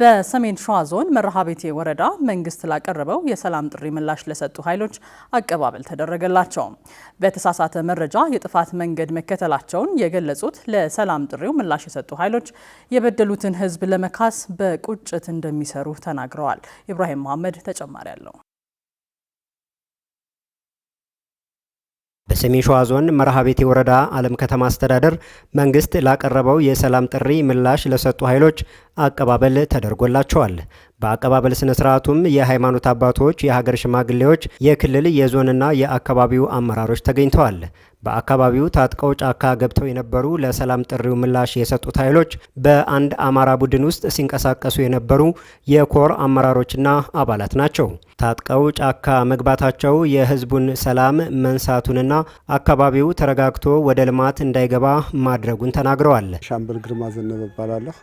በሰሜን ሸዋ ዞን መርሃቤቴ ወረዳ መንግስት ላቀረበው የሰላም ጥሪ ምላሽ ለሰጡ ኃይሎች አቀባበል ተደረገላቸው። በተሳሳተ መረጃ የጥፋት መንገድ መከተላቸውን የገለጹት ለሰላም ጥሪው ምላሽ የሰጡ ኃይሎች የበደሉትን ሕዝብ ለመካስ በቁጭት እንደሚሰሩ ተናግረዋል። ኢብራሂም መሐመድ ተጨማሪ አለው። በሰሜን ሸዋ ዞን መርሃቤቴ ወረዳ አለም ከተማ አስተዳደር መንግስት ላቀረበው የሰላም ጥሪ ምላሽ ለሰጡ ኃይሎች አቀባበል ተደርጎላቸዋል። በአቀባበል ስነ ስርዓቱም የሃይማኖት አባቶች፣ የሀገር ሽማግሌዎች፣ የክልል የዞንና የአካባቢው አመራሮች ተገኝተዋል። በአካባቢው ታጥቀው ጫካ ገብተው የነበሩ ለሰላም ጥሪው ምላሽ የሰጡት ኃይሎች በአንድ አማራ ቡድን ውስጥ ሲንቀሳቀሱ የነበሩ የኮር አመራሮችና አባላት ናቸው። ታጥቀው ጫካ መግባታቸው የህዝቡን ሰላም መንሳቱንና አካባቢው ተረጋግቶ ወደ ልማት እንዳይገባ ማድረጉን ተናግረዋል። ሻምበል ግርማ ዘነበ እባላለሁ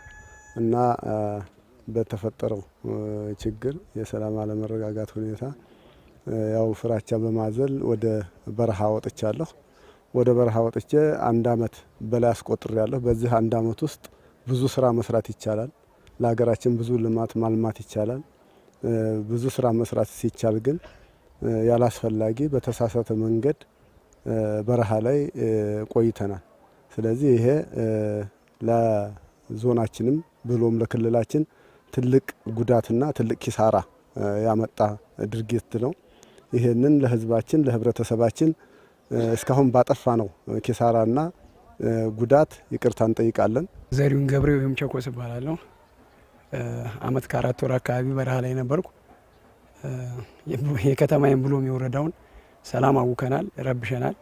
እና በተፈጠረው ችግር የሰላም አለመረጋጋት ሁኔታ ያው ፍራቻ በማዘል ወደ በረሃ ወጥቻለሁ። ወደ በረሃ ወጥቼ አንድ አመት በላይ ያለሁ በዚህ አንድ አመት ውስጥ ብዙ ስራ መስራት ይቻላል። ለሀገራችን ብዙ ልማት ማልማት ይቻላል። ብዙ ስራ መስራት ሲቻል ግን ያላስፈላጊ በተሳሳተ መንገድ በረሃ ላይ ቆይተናል። ስለዚህ ይሄ ለዞናችንም ብሎም ለክልላችን ትልቅ ጉዳትና ትልቅ ኪሳራ ያመጣ ድርጊት ነው። ይህንን ለህዝባችን ለህብረተሰባችን እስካሁን ባጠፋ ነው ኪሳራና ጉዳት ይቅርታ እንጠይቃለን። ዘሪሁን ገብሬ ወይም ቸኮስ እባላለሁ። አመት ከአራት ወር አካባቢ በረሃ ላይ ነበርኩ። የከተማዬን ብሎም የወረዳውን ሰላም አውከናል፣ ረብሸናል።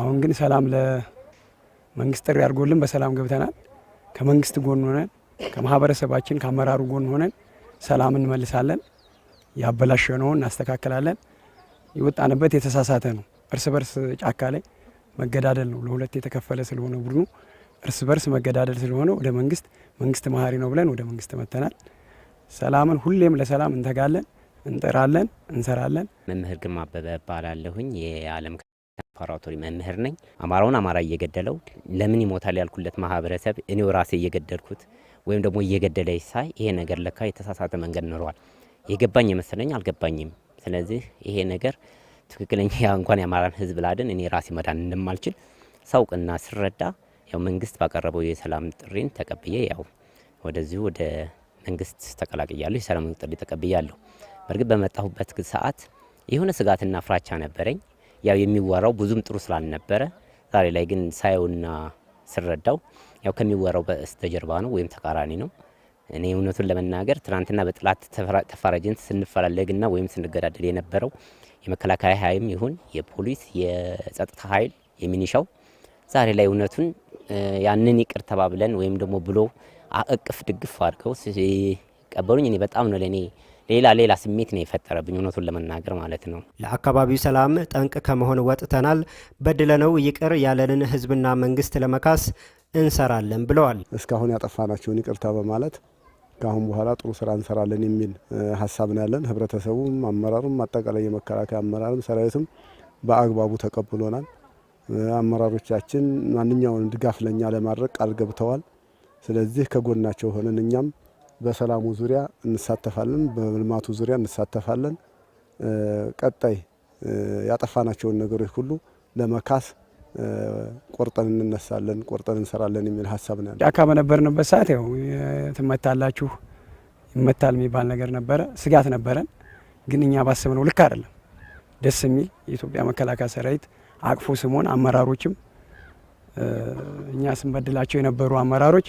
አሁን ግን ሰላም ለመንግስት ጥሪ አድርጎልን በሰላም ገብተናል። ከመንግስት ጎን ሆነን ከማህበረሰባችን ከአመራሩ ጎን ሆነን ሰላም እንመልሳለን፣ ያበላሸነውን እናስተካክላለን። የወጣንበት የተሳሳተ ነው። እርስ በርስ ጫካ ላይ መገዳደል ነው። ለሁለት የተከፈለ ስለሆነ ቡድኑ እርስ በርስ መገዳደል ስለሆነ ወደ መንግስት መንግስት መሀሪ ነው ብለን ወደ መንግስት መተናል። ሰላምን ሁሌም ለሰላም እንተጋለን፣ እንጥራለን፣ እንሰራለን። መምህር ግርማ አበበ እባላለሁኝ ፕሪፓራቶሪ መምህር ነኝ። አማራውን አማራ እየገደለው ለምን ይሞታል ያልኩለት ማህበረሰብ እኔው ራሴ እየገደልኩት ወይም ደግሞ እየገደለ ሳይ ይሄ ነገር ለካ የተሳሳተ መንገድ ኖሯል የገባኝ የመሰለኝ አልገባኝም። ስለዚህ ይሄ ነገር ትክክለኛ እንኳን የአማራን ህዝብ ላድን እኔ ራሴ መዳን እንደማልችል ሳውቅና ስረዳ ያው መንግስት ባቀረበው የሰላም ጥሪን ተቀብዬ ያው ወደዚሁ ወደ መንግስት ተቀላቅያለሁ። የሰላም ጥሪ ተቀብያለሁ። በእርግጥ በመጣሁበት ሰዓት የሆነ ስጋትና ፍራቻ ነበረኝ። ያው የሚወራው ብዙም ጥሩ ስላልነበረ ዛሬ ላይ ግን ሳየውና ስረዳው ያው ከሚወራው በስተጀርባ ነው ወይም ተቃራኒ ነው። እኔ እውነቱን ለመናገር ትናንትና በጥላት ተፋራጅን ስንፈላለግና ወይም ስንገዳደል የነበረው የመከላከያ ኃይልም ይሁን የፖሊስ የጸጥታ ኃይል የሚኒሻው ዛሬ ላይ እውነቱን ያንን ይቅር ተባብለን ወይም ደግሞ ብሎ አቅፍ ድግፍ አድርገው ቀበሉኝ። እኔ በጣም ነው ለእኔ ሌላ ሌላ ስሜት ነው የፈጠረብኝ እውነቱን ለመናገር ማለት ነው። ለአካባቢው ሰላም ጠንቅ ከመሆን ወጥተናል፣ በድለነው ይቅር ያለንን ህዝብና መንግስት ለመካስ እንሰራለን ብለዋል። እስካሁን ያጠፋናቸውን ይቅርታ በማለት ከአሁን በኋላ ጥሩ ስራ እንሰራለን የሚል ሀሳብ ነው ያለን። ህብረተሰቡም፣ አመራሩም፣ አጠቃላይ የመከላከያ አመራርም ሰራዊትም በአግባቡ ተቀብሎናል። አመራሮቻችን ማንኛውን ድጋፍ ለኛ ለማድረግ ቃል ገብተዋል። ስለዚህ ከጎናቸው ሆነን እኛም በሰላሙ ዙሪያ እንሳተፋለን፣ በልማቱ ዙሪያ እንሳተፋለን። ቀጣይ ያጠፋናቸውን ነገሮች ሁሉ ለመካስ ቆርጠን እንነሳለን፣ ቆርጠን እንሰራለን የሚል ሀሳብ ነው። ጫካ በነበርንበት ሰዓት ያው ትመታላችሁ ይመታል የሚባል ነገር ነበረ፣ ስጋት ነበረን። ግን እኛ ባሰብነው ልክ አይደለም። ደስ የሚል የኢትዮጵያ መከላከያ ሰራዊት አቅፎ ስሞን አመራሮችም እኛ ስንበድላቸው የነበሩ አመራሮች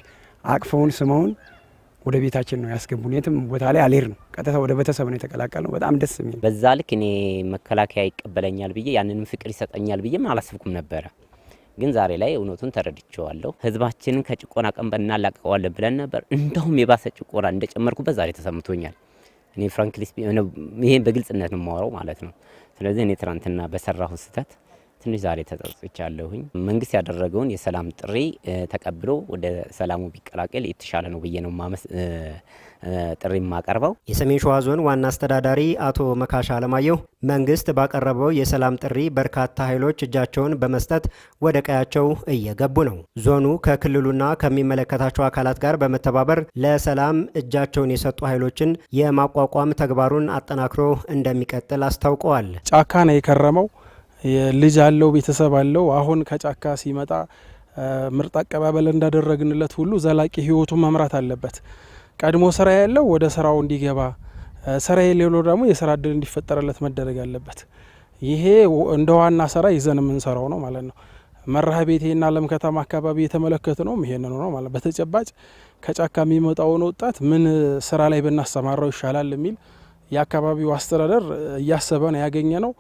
አቅፈውን ስመውን ወደ ቤታችን ነው ያስገቡን። የትም ቦታ ላይ አሌር ነው ቀጥታ ወደ ቤተሰብ ነው የተቀላቀል ነው። በጣም ደስ የሚል በዛ ልክ እኔ መከላከያ ይቀበለኛል ብዬ ያንንም ፍቅር ይሰጠኛል ብዬም አላስብኩም ነበረ። ግን ዛሬ ላይ እውነቱን ተረድቸዋለሁ ህዝባችንን ከጭቆና ቀንበር እናላቀቀዋለን ብለን ነበር። እንደውም የባሰ ጭቆና እንደጨመርኩበት ዛሬ ተሰምቶኛል። እኔ ፍራንክሊስ ይህን በግልጽነት ነው የማወራው ማለት ነው። ስለዚህ እኔ ትናንትና በሰራሁ ስህተት ትንሽ ዛሬ ተጸጽቻለሁኝ። መንግስት ያደረገውን የሰላም ጥሪ ተቀብሎ ወደ ሰላሙ ቢቀላቀል የተሻለ ነው ብዬ ነው ማመስ ጥሪ የማቀርበው። የሰሜን ሸዋ ዞን ዋና አስተዳዳሪ አቶ መካሻ አለማየሁ መንግስት ባቀረበው የሰላም ጥሪ በርካታ ኃይሎች እጃቸውን በመስጠት ወደ ቀያቸው እየገቡ ነው። ዞኑ ከክልሉና ከሚመለከታቸው አካላት ጋር በመተባበር ለሰላም እጃቸውን የሰጡ ኃይሎችን የማቋቋም ተግባሩን አጠናክሮ እንደሚቀጥል አስታውቀዋል። ጫካ ነው የከረመው። ልጅ አለው ቤተሰብ አለው። አሁን ከጫካ ሲመጣ ምርጥ አቀባበል እንዳደረግንለት ሁሉ ዘላቂ ህይወቱን መምራት አለበት። ቀድሞ ስራ ያለው ወደ ስራው እንዲገባ፣ ስራ የሌለው ደግሞ የስራ እድል እንዲፈጠረለት መደረግ አለበት። ይሄ እንደ ዋና ስራ ይዘን የምንሰራው ነው ማለት ነው። መርሃ ቤቴና ለም ከተማ አካባቢ የተመለከት ነው ይሄንን ነው ማለት በተጨባጭ ከጫካ የሚመጣውን ወጣት ምን ስራ ላይ ብናሰማራው ይሻላል የሚል የአካባቢው አስተዳደር እያሰበ ነው ያገኘ ነው።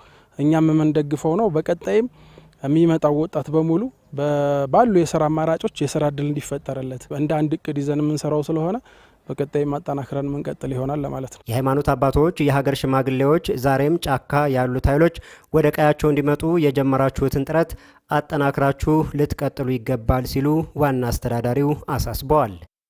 እኛም የምንደግፈው ነው። በቀጣይም የሚመጣው ወጣት በሙሉ ባሉ የስራ አማራጮች የስራ እድል እንዲፈጠርለት እንደ አንድ እቅድ ይዘን የምንሰራው ስለሆነ በቀጣይ ማጠናክረን ምንቀጥል ይሆናል ለማለት ነው። የሃይማኖት አባቶች፣ የሀገር ሽማግሌዎች ዛሬም ጫካ ያሉት ኃይሎች ወደ ቀያቸው እንዲመጡ የጀመራችሁትን ጥረት አጠናክራችሁ ልትቀጥሉ ይገባል ሲሉ ዋና አስተዳዳሪው አሳስበዋል።